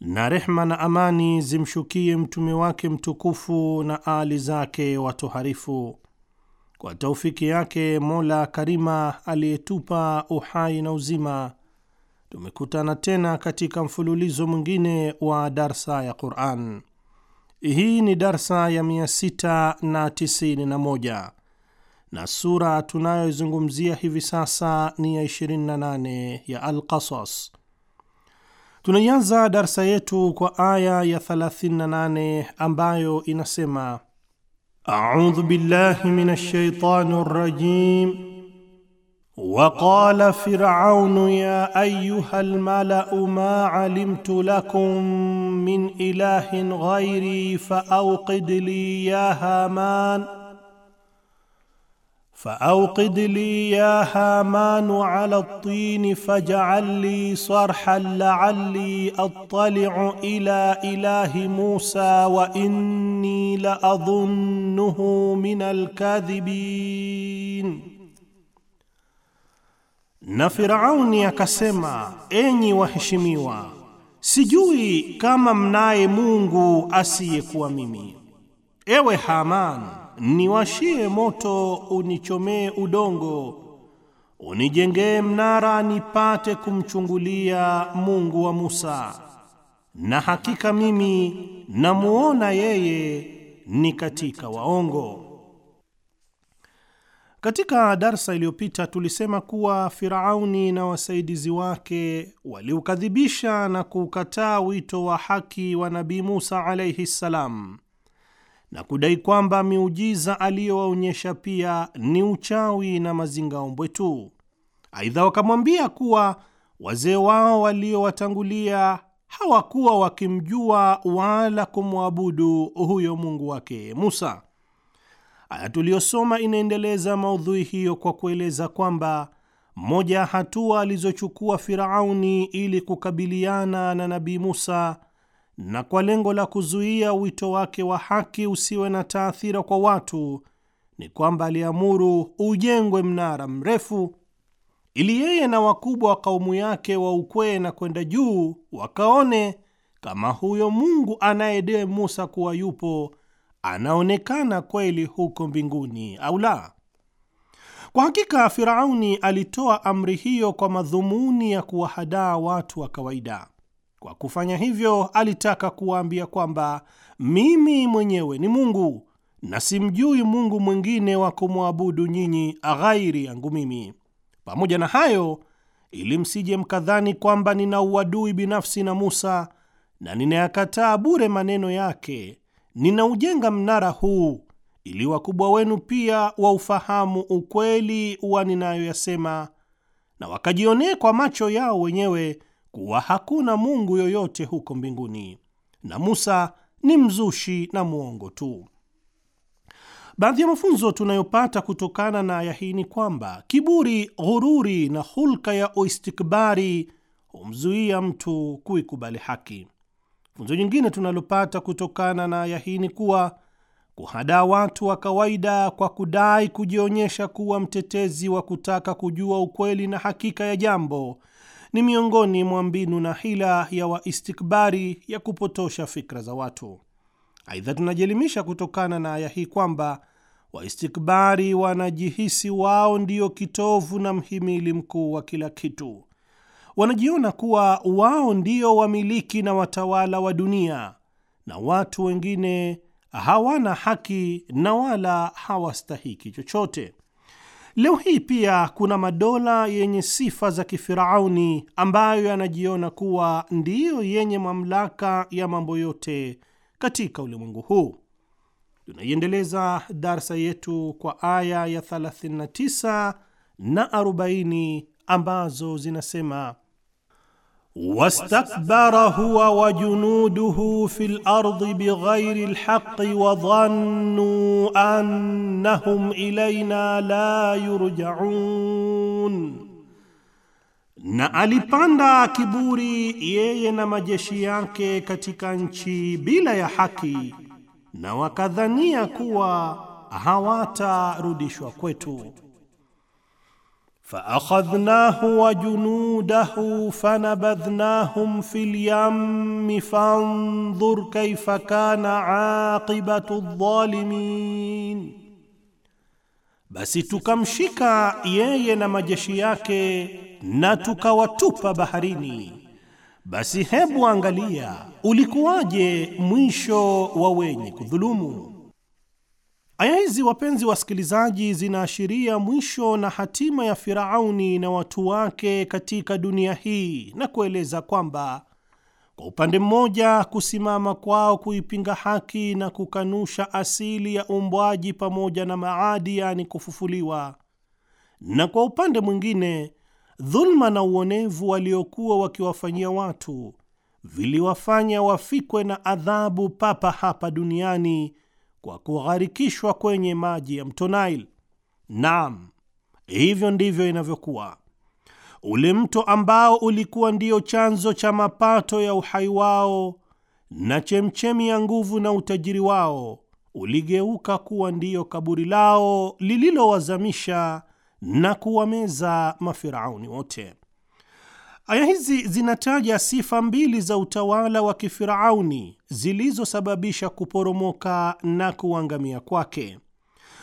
na rehma na amani zimshukie mtume wake mtukufu na aali zake watoharifu. Kwa taufiki yake Mola Karima aliyetupa uhai na uzima, tumekutana tena katika mfululizo mwingine wa darsa ya Quran. Hii ni darsa ya 691 na, na sura tunayoizungumzia hivi sasa ni ya 28 ya Alqasas. Tunaianza darsa yetu kwa aya ya 38 ambayo inasema: audhu billahi minash shaitani rajim waqala firaunu ya ayuha lmalau ma alimtu lakum min ilahin ghairi faauqid li ya haman فأوقد لي يا هامان على الطين فاجعل لي صرحا لعلي أطلع إلى إله موسى وإني لأظنه من الكاذبين Na Firauni akasema, enyi waheshimiwa, sijui kama mnaye Mungu asiyekuwa mimi. Ewe Haman, niwashie moto, unichomee udongo, unijengee mnara, nipate kumchungulia Mungu wa Musa, na hakika mimi namuona yeye ni katika waongo. Katika darsa iliyopita tulisema kuwa Firauni na wasaidizi wake waliukadhibisha na kuukataa wito wa haki wa Nabii Musa alaihi ssalam na kudai kwamba miujiza aliyowaonyesha pia ni uchawi na mazingaombwe tu. Aidha, wakamwambia kuwa wazee wao waliowatangulia hawakuwa wakimjua wala kumwabudu huyo Mungu wake Musa. Aya tuliyosoma inaendeleza maudhui hiyo kwa kueleza kwamba moja ya hatua alizochukua Firauni ili kukabiliana na Nabii Musa na kwa lengo la kuzuia wito wake wa haki usiwe na taathira kwa watu, ni kwamba aliamuru ujengwe mnara mrefu ili yeye na wakubwa wa kaumu yake wa ukwee na kwenda juu wakaone kama huyo Mungu anayedee Musa kuwa yupo anaonekana kweli huko mbinguni au la. Kwa hakika Firauni alitoa amri hiyo kwa madhumuni ya kuwahadaa watu wa kawaida. Kwa kufanya hivyo, alitaka kuwaambia kwamba mimi mwenyewe ni Mungu na simjui Mungu mwingine wa kumwabudu nyinyi ghairi yangu mimi. Pamoja na hayo, ili msije mkadhani kwamba nina uadui binafsi na Musa na ninayakataa bure maneno yake, ninaujenga mnara huu ili wakubwa wenu pia waufahamu ukweli wa ninayoyasema na wakajionee kwa macho yao wenyewe kuwa hakuna Mungu yoyote huko mbinguni na Musa ni mzushi na mwongo tu. Baadhi ya mafunzo tunayopata kutokana na aya hii ni kwamba kiburi, ghururi na hulka ya uistikbari humzuia mtu kuikubali haki. Funzo nyingine tunalopata kutokana na aya hii ni kuwa kuhadaa watu wa kawaida kwa kudai kujionyesha kuwa mtetezi wa kutaka kujua ukweli na hakika ya jambo ni miongoni mwa mbinu na hila ya waistikbari ya kupotosha fikra za watu. Aidha, tunajielimisha kutokana na aya hii kwamba waistikbari wanajihisi wao ndio kitovu na mhimili mkuu wa kila kitu. Wanajiona kuwa wao ndio wamiliki na watawala wa dunia na watu wengine hawana haki na wala hawastahiki chochote. Leo hii pia kuna madola yenye sifa za kifirauni ambayo yanajiona kuwa ndiyo yenye mamlaka ya mambo yote katika ulimwengu huu. Tunaiendeleza darsa yetu kwa aya ya 39 na 40 ambazo zinasema wastakbara huwa wa junuduhu fil ardi bighairi alhaqi wa dhannu annahum ilaina la yurjaun, na alipanda kiburi yeye na majeshi yake katika nchi bila ya haki na wakadhania kuwa hawatarudishwa kwetu. فأخذناه وجنوده fanabadhnahum في اليم fandhur كيف kana aqibatu الظالمين Basi tukamshika yeye na majeshi yake na tukawatupa baharini. Basi hebu angalia ulikuwaje mwisho wa wenye kudhulumu. Aya hizi wapenzi wasikilizaji, zinaashiria mwisho na hatima ya Firauni na watu wake katika dunia hii na kueleza kwamba kwa upande mmoja, kusimama kwao kuipinga haki na kukanusha asili ya umbwaji pamoja na maadi, yaani kufufuliwa, na kwa upande mwingine, dhuluma na uonevu waliokuwa wakiwafanyia watu viliwafanya wafikwe na adhabu papa hapa duniani kwa kugharikishwa kwenye maji ya mto Nile. Naam, hivyo ndivyo inavyokuwa. Ule mto ambao ulikuwa ndiyo chanzo cha mapato ya uhai wao na chemchemi ya nguvu na utajiri wao uligeuka kuwa ndiyo kaburi lao lililowazamisha na kuwameza mafirauni wote. Aya hizi zinataja sifa mbili za utawala wa kifirauni zilizosababisha kuporomoka na kuangamia kwake.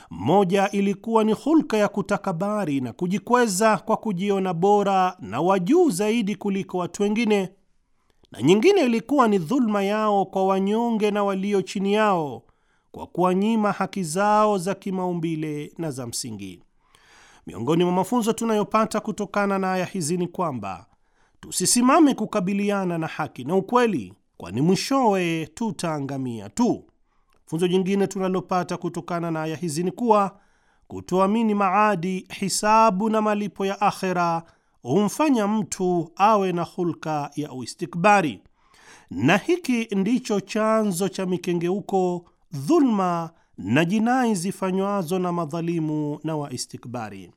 Moja ilikuwa ni hulka ya kutakabari na kujikweza kwa kujiona bora na wajuu zaidi kuliko watu wengine, na nyingine ilikuwa ni dhuluma yao kwa wanyonge na walio chini yao kwa kuwanyima haki zao za kimaumbile na za msingi. Miongoni mwa mafunzo tunayopata kutokana na aya hizi ni kwamba tusisimame kukabiliana na haki na ukweli, kwani mwishowe tutaangamia tu. Funzo jingine tunalopata kutokana na aya hizi ni kuwa kutoamini maadi, hisabu na malipo ya akhera humfanya mtu awe na hulka ya uistikbari, na hiki ndicho chanzo cha mikengeuko, dhulma na jinai zifanywazo na madhalimu na waistikbari.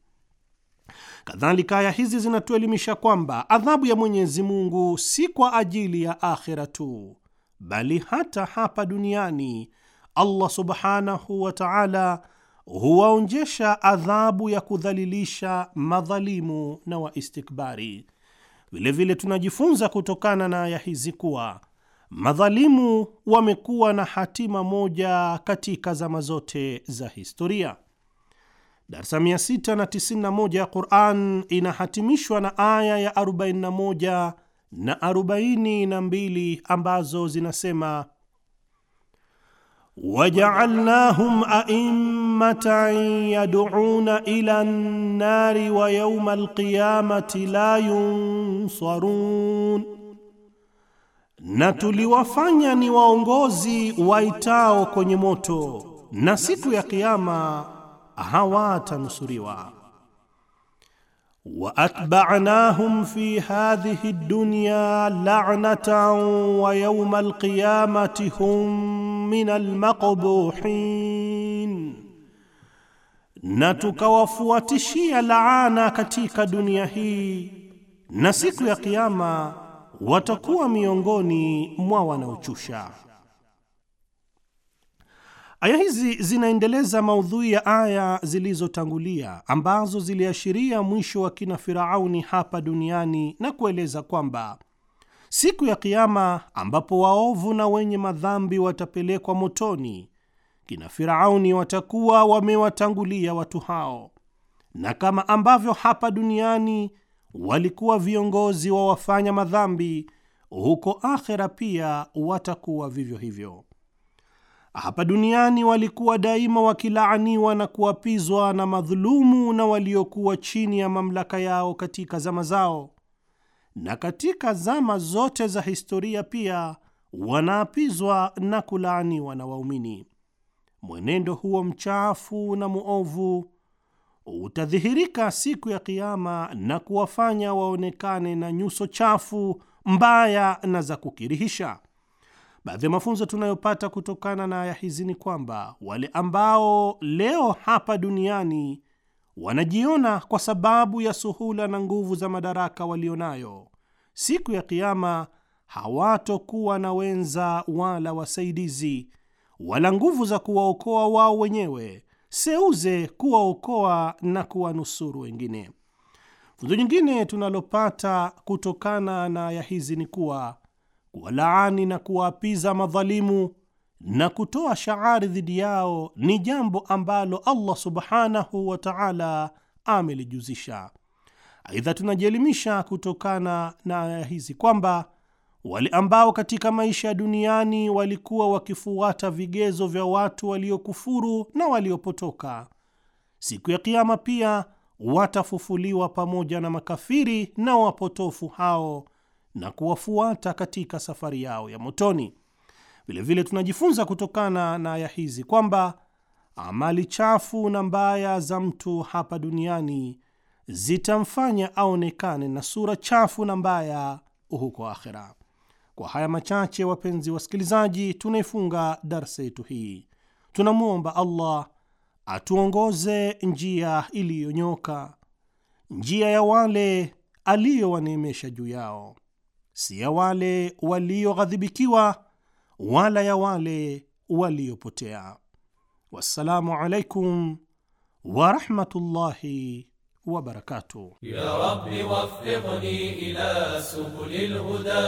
Kadhalika, aya hizi zinatuelimisha kwamba adhabu ya Mwenyezi Mungu si kwa ajili ya akhera tu, bali hata hapa duniani Allah subhanahu wa ta'ala huwaonjesha adhabu ya kudhalilisha madhalimu na waistikbari. Vilevile tunajifunza kutokana na aya hizi kuwa madhalimu wamekuwa na hatima moja katika zama zote za historia. Darsa 691 ya Quran inahatimishwa na aya ya 41 na 42 ambazo zinasema wajaalnahum aimmatan yaduuna ila nnari wa yauma alqiyamati la yunsarun, na tuliwafanya ni waongozi waitao kwenye moto na siku ya Kiyama hawatanusuriwa واتبعناهم في هذه الدنيا لعنه ويوم القيامه هم من المقبوحين na tukawafuatishia laana katika dunia hii na siku ya kiyama watakuwa miongoni mwa wanaochusha Aya hizi zinaendeleza maudhui ya aya zilizotangulia ambazo ziliashiria mwisho wa kina Firauni hapa duniani na kueleza kwamba siku ya Kiama, ambapo waovu na wenye madhambi watapelekwa motoni, kina Firauni watakuwa wamewatangulia watu hao, na kama ambavyo hapa duniani walikuwa viongozi wa wafanya madhambi, huko akhera pia watakuwa vivyo hivyo hapa duniani walikuwa daima wakilaaniwa na kuapizwa na madhulumu na waliokuwa chini ya mamlaka yao katika zama zao, na katika zama zote za historia pia wanaapizwa na kulaaniwa na waumini. Mwenendo huo mchafu na muovu utadhihirika siku ya Kiama na kuwafanya waonekane na nyuso chafu mbaya na za kukirihisha. Baadhi ya mafunzo tunayopata kutokana na aya hizi ni kwamba wale ambao leo hapa duniani wanajiona kwa sababu ya suhula na nguvu za madaraka walionayo, siku ya Kiama hawatokuwa na wenza wala wasaidizi wala nguvu za kuwaokoa wao wenyewe, seuze kuwaokoa na kuwanusuru wengine. Funzo nyingine tunalopata kutokana na aya hizi ni kuwa kuwalaani na kuwaapiza madhalimu na kutoa shaari dhidi yao ni jambo ambalo Allah subhanahu wa ta'ala amelijuzisha. Aidha, tunajielimisha kutokana na aya hizi kwamba wale ambao katika maisha ya duniani walikuwa wakifuata vigezo vya watu waliokufuru na waliopotoka, siku ya kiama pia watafufuliwa pamoja na makafiri na wapotofu hao na kuwafuata katika safari yao ya motoni. Vilevile tunajifunza kutokana na aya hizi kwamba amali chafu na mbaya za mtu hapa duniani zitamfanya aonekane na sura chafu na mbaya huko akhera. Kwa haya machache, wapenzi wasikilizaji, tunaifunga darsa yetu hii. Tunamwomba Allah atuongoze njia iliyonyoka, njia ya wale aliyowaneemesha juu yao si ya wale walioghadhibikiwa wala ya wale waliopotea. Wassalamu alaikum warahmatullahi wabarakatuh. Ya Rabbi waffiqni ila subuli lhuda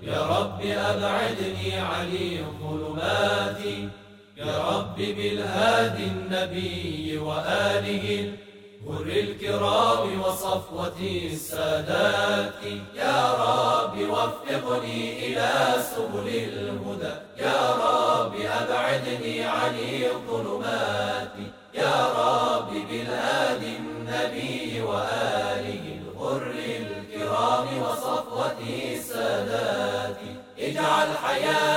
ya Rabbi ab'adni ani dhulumati ya Rabbi bilhadi nabiyi wa alihi بر الكرام وصفوة السادات يا رب وفقني إلى سبل الهدى يا رب أبعدني عن الظلمات يا رب بالهاد النبي وآله الغر الكرام وصفوة السادات اجعل حياتي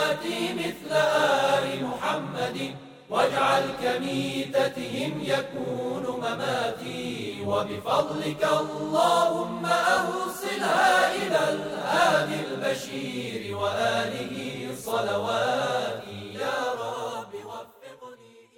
مميتتهم يكون مماتي وبفضلك اللهم أوصلها إلى الآب البشير وآله صلوات